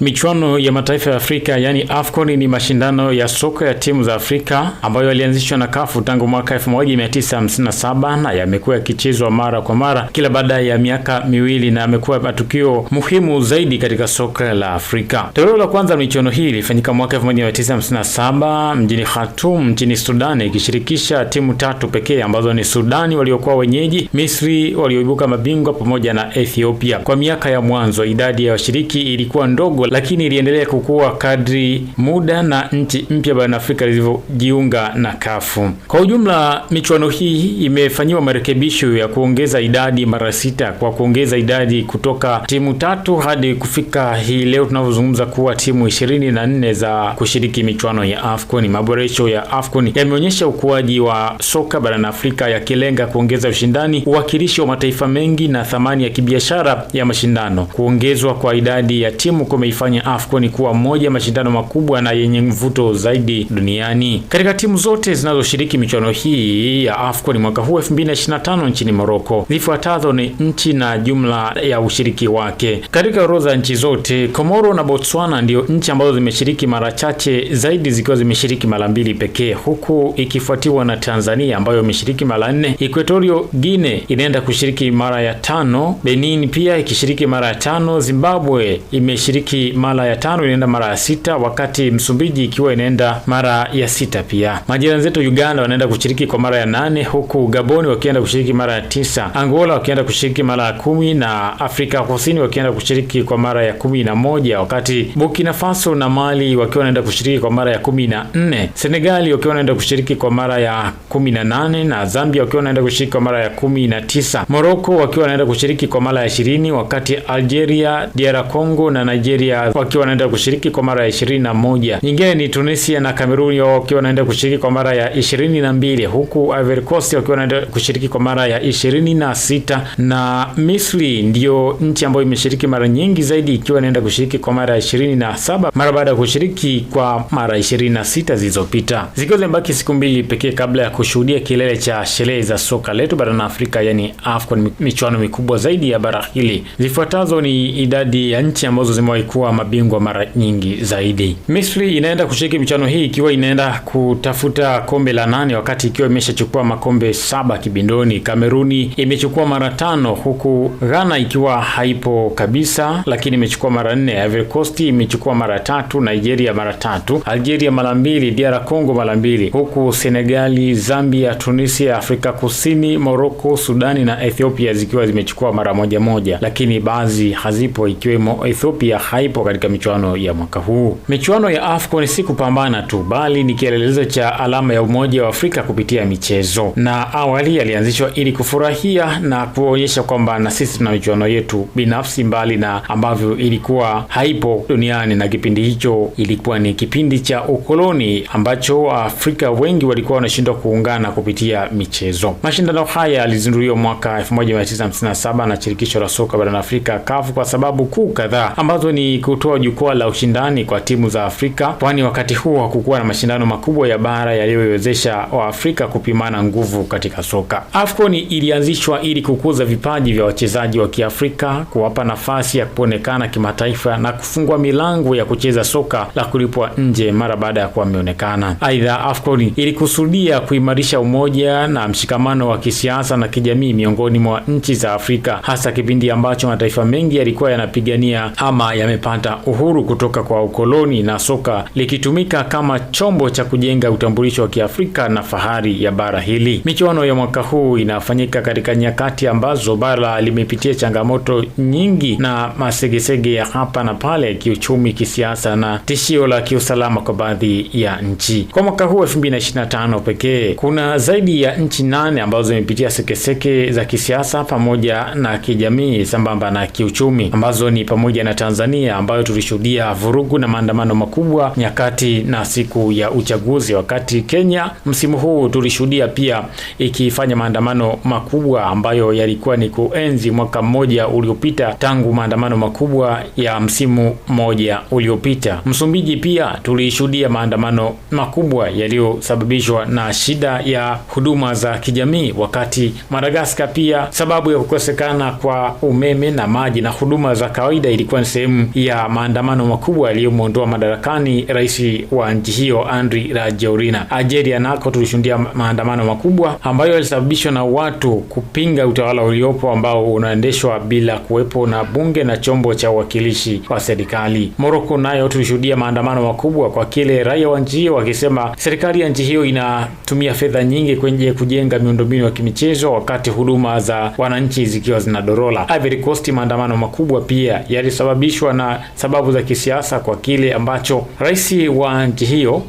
Michuano ya mataifa ya Afrika yaani AFCON ni mashindano ya soka ya timu za Afrika ambayo yalianzishwa na kafu tangu mwaka 1957 na yamekuwa yakichezwa mara kwa mara kila baada ya miaka miwili na yamekuwa matukio muhimu zaidi katika soka la Afrika. Toleo la kwanza michuano hii ilifanyika mwaka 1957 mjini Khartoum nchini Sudani, ikishirikisha timu tatu pekee ambazo ni Sudani waliokuwa wenyeji, Misri walioibuka mabingwa pamoja na Ethiopia. Kwa miaka ya mwanzo idadi ya washiriki ilikuwa ndogo lakini iliendelea kukua kadri muda na nchi mpya barani Afrika zilivyojiunga na kafu. Kwa ujumla, michuano hii imefanyiwa marekebisho ya kuongeza idadi mara sita kwa kuongeza idadi kutoka timu tatu hadi kufika hii leo tunavyozungumza kuwa timu ishirini na nne za kushiriki michuano ya AFCON. Maboresho ya AFCON yameonyesha ukuaji wa soka barani Afrika yakilenga kuongeza ushindani, uwakilishi wa mataifa mengi na thamani ya kibiashara ya mashindano. Kuongezwa kwa idadi ya timu kume kuifanya AFCON kuwa moja ya mashindano makubwa na yenye mvuto zaidi duniani. Katika timu zote zinazoshiriki michuano hii ya AFCON mwaka huu 2025 nchini Morocco, zifuatazo ni nchi na jumla ya ushiriki wake. Katika orodha ya nchi zote, Komoro na Botswana ndiyo nchi ambazo zimeshiriki mara chache zaidi, zikiwa zimeshiriki mara mbili pekee, huku ikifuatiwa na Tanzania ambayo imeshiriki mara nne. Equatorial Guinea inaenda kushiriki mara ya tano, Benin pia ikishiriki mara ya tano, Zimbabwe imeshiriki mara ya tano inaenda mara ya sita, wakati Msumbiji ikiwa inaenda mara ya sita pia. Majirani zetu Uganda wanaenda kushiriki kwa mara ya nane, huku Gaboni wakienda kushiriki mara ya tisa, Angola wakienda kushiriki mara ya kumi na Afrika Kusini wakienda kushiriki kwa mara ya kumi na moja, wakati Burkina Faso na Mali wakiwa wanaenda kushiriki kwa mara ya kumi na nne, Senegali wakiwa wanaenda kushiriki kwa mara ya kumi na nane na Zambia wakiwa wanaenda kushiriki kwa mara ya kumi na tisa, Morocco wakiwa wanaenda kushiriki kwa mara ya ishirini, wakati Algeria, DR Congo na Nigeria Nigeria wakiwa wanaenda kushiriki kwa mara ya ishirini na moja. Nyingine ni Tunisia na Kameruni wao wakiwa wanaenda kushiriki kwa mara ya ishirini na mbili, huku Ivory Coast wakiwa wanaenda kushiriki kwa mara ya ishirini na sita na Misri ndiyo nchi ambayo imeshiriki mara nyingi zaidi ikiwa inaenda kushiriki kwa mara ya ishirini na saba mara baada ya kushiriki kwa mara ishirini na sita zilizopita zikiwa zimebaki siku mbili pekee kabla ya kushuhudia kilele cha sherehe za soka letu barani Afrika yani AFCON, michuano mikubwa zaidi ya bara hili. Zifuatazo ni idadi ya nchi ambazo zimewahi kuwa kuwa mabingwa mara nyingi zaidi. Misri inaenda kushiriki michuano hii ikiwa inaenda kutafuta kombe la nane, wakati ikiwa imeshachukua makombe saba kibindoni. Kameruni imechukua mara tano, huku Ghana ikiwa haipo kabisa, lakini imechukua mara nne. Ivory Coast imechukua mara tatu, Nigeria mara tatu, Algeria mara mbili, DR Congo mara mbili, huku Senegali, Zambia, Tunisia, Afrika Kusini, Morocco, Sudani na Ethiopia zikiwa zimechukua mara moja moja, lakini baadhi hazipo ikiwemo Ethiopia haipo ipo katika michuano ya mwaka huu. Michuano ya AFCON si kupambana tu, bali ni kielelezo cha alama ya umoja wa Afrika kupitia michezo, na awali yalianzishwa ili kufurahia na kuonyesha kwamba na sisi tuna michuano yetu binafsi, mbali na ambavyo ilikuwa haipo duniani. Na kipindi hicho ilikuwa ni kipindi cha ukoloni ambacho Waafrika wengi walikuwa wanashindwa kuungana kupitia michezo. Mashindano haya yalizinduliwa mwaka 1957 na shirikisho la soka barani Afrika, CAF, kwa sababu kuu kadhaa ambazo ni kutoa jukwaa la ushindani kwa timu za Afrika, kwani wakati huo hakukuwa na mashindano makubwa ya bara yaliyowezesha Waafrika kupimana nguvu katika soka. AFCON ilianzishwa ili kukuza vipaji vya wachezaji wa Kiafrika, kuwapa nafasi ya kuonekana kimataifa na kufungua milango ya kucheza soka la kulipwa nje mara baada ya kuwa ameonekana. Aidha, AFCON ilikusudia kuimarisha umoja na mshikamano wa kisiasa na kijamii miongoni mwa nchi za Afrika, hasa kipindi ambacho mataifa mengi yalikuwa yanapigania ama yame lilipata uhuru kutoka kwa ukoloni na soka likitumika kama chombo cha kujenga utambulisho wa Kiafrika na fahari ya bara hili. Michuano ya mwaka huu inafanyika katika nyakati ambazo bara limepitia changamoto nyingi na masegesege ya hapa na pale, kiuchumi, kisiasa na tishio la kiusalama kwa baadhi ya nchi. Kwa mwaka huu 2025 pekee kuna zaidi ya nchi nane ambazo zimepitia sekeseke za kisiasa pamoja na kijamii sambamba na kiuchumi ambazo ni pamoja na Tanzania ambayo tulishuhudia vurugu na maandamano makubwa nyakati na siku ya uchaguzi, wakati Kenya msimu huu tulishuhudia pia ikifanya maandamano makubwa ambayo yalikuwa ni kuenzi mwaka mmoja uliopita tangu maandamano makubwa ya msimu mmoja uliopita. Msumbiji pia tulishuhudia maandamano makubwa yaliyosababishwa na shida ya huduma za kijamii, wakati Madagaskar pia sababu ya kukosekana kwa umeme na maji na huduma za kawaida ilikuwa ni sehemu ya maandamano makubwa yaliyomwondoa madarakani rais wa nchi hiyo Andry Rajoelina. Algeria nako tulishuhudia maandamano makubwa ambayo yalisababishwa na watu kupinga utawala uliopo ambao unaendeshwa bila kuwepo na bunge na chombo cha uwakilishi wa serikali. moroko nayo tulishuhudia maandamano makubwa kwa kile raia wa nchi hiyo wakisema serikali ya nchi hiyo inatumia fedha nyingi kwenye kujenga miundombinu ya kimichezo wakati huduma za wananchi zikiwa zinadorola. Ivory Coast, maandamano makubwa pia yalisababishwa na sababu za kisiasa kwa kile ambacho rais wa nchi hiyo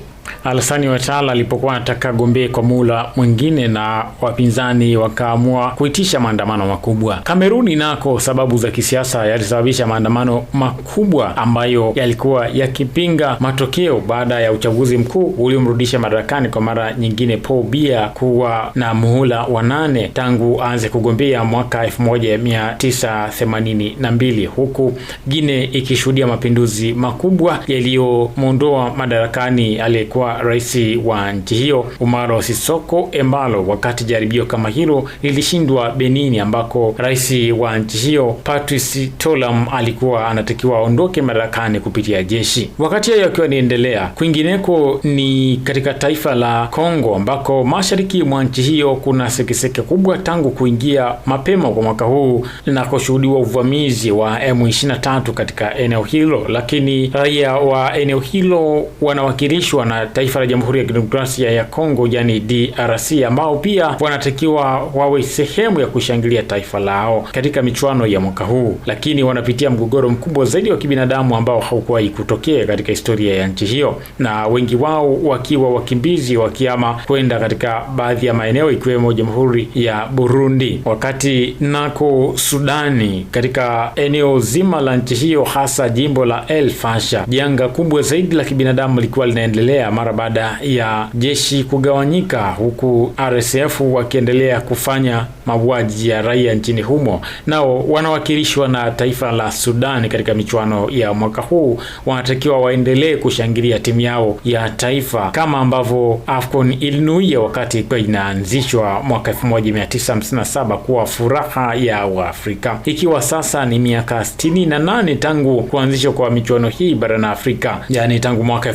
alasani Watala alipokuwa anataka gombee kwa muhula mwingine na wapinzani wakaamua kuitisha maandamano makubwa. Kameruni nako sababu za kisiasa yalisababisha maandamano makubwa ambayo yalikuwa yakipinga matokeo baada ya uchaguzi mkuu uliomrudisha madarakani kwa mara nyingine Paul Biya kuwa na muhula wa nane tangu aanze kugombea mwaka 1982 huku Gine ikishuhudia mapinduzi makubwa yaliyomwondoa madarakani aliyekuwa kwa rais wa nchi hiyo Umaro Sisoko Embalo, wakati jaribio kama hilo lilishindwa Benini, ambako rais wa nchi hiyo Patrice Tolam alikuwa anatakiwa aondoke madarakani kupitia jeshi. Wakati hayo akiwa niendelea, kwingineko ni katika taifa la Kongo, ambako mashariki mwa nchi hiyo kuna sekeseke kubwa tangu kuingia mapema kwa mwaka huu na kushuhudiwa uvamizi wa M23 katika eneo hilo, lakini raia wa eneo hilo wanawakilishwa na taifa la Jamhuri ya Kidemokrasia ya Kongo, yani DRC, ambao pia wanatakiwa wawe sehemu ya kushangilia taifa lao katika michuano ya mwaka huu, lakini wanapitia mgogoro mkubwa zaidi wa kibinadamu ambao haukuwahi kutokea katika historia ya nchi hiyo, na wengi wao wakiwa wakimbizi wakiama kwenda katika baadhi ya maeneo ikiwemo Jamhuri ya Burundi, wakati nako Sudani, katika eneo zima la nchi hiyo, hasa jimbo la El Fasha, janga kubwa zaidi la kibinadamu likiwa linaendelea mara baada ya jeshi kugawanyika, huku RSF wakiendelea kufanya mauaji ya raia nchini humo. Nao wanawakilishwa na taifa la Sudan katika michuano ya mwaka huu, wanatakiwa waendelee kushangilia timu yao ya taifa kama ambavyo AFCON ilinuia wakati ikiwa inaanzishwa mwaka 1957 kuwa furaha ya Waafrika, ikiwa sasa ni miaka 68 tangu kuanzishwa kwa michuano hii barani Afrika, yaani tangu mwaka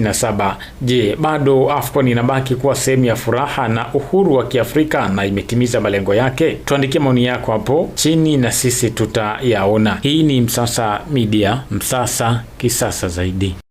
57. Je, bado AFCON inabaki kuwa sehemu ya furaha na uhuru wa Kiafrika na imetimiza malengo yake? Tuandikie maoni yako hapo chini na sisi tutayaona. Hii ni Msasa Media, Msasa kisasa zaidi.